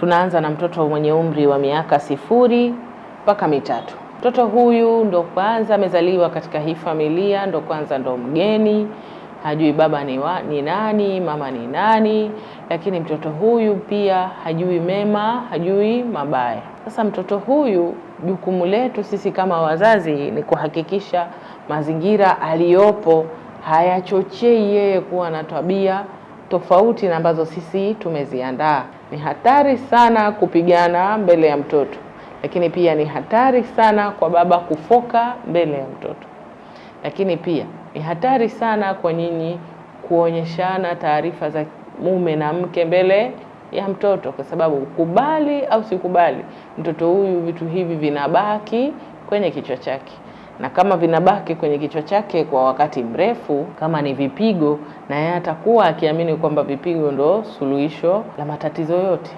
Tunaanza na mtoto mwenye umri wa miaka sifuri mpaka mitatu. Mtoto huyu ndo kwanza amezaliwa katika hii familia, ndo kwanza ndo mgeni, hajui baba ni, wa, ni nani, mama ni nani, lakini mtoto huyu pia hajui mema, hajui mabaya. Sasa mtoto huyu, jukumu letu sisi kama wazazi ni kuhakikisha mazingira aliyopo hayachochei yeye kuwa na tabia tofauti na ambazo sisi tumeziandaa. Ni hatari sana kupigana mbele ya mtoto, lakini pia ni hatari sana kwa baba kufoka mbele ya mtoto, lakini pia ni hatari sana kwa nyinyi kuonyeshana taarifa za mume na mke mbele ya mtoto, kwa sababu ukubali au sikubali, mtoto huyu vitu hivi vinabaki kwenye kichwa chake na kama vinabaki kwenye kichwa chake kwa wakati mrefu, kama ni vipigo, na yeye atakuwa akiamini kwamba vipigo ndo suluhisho la matatizo yote.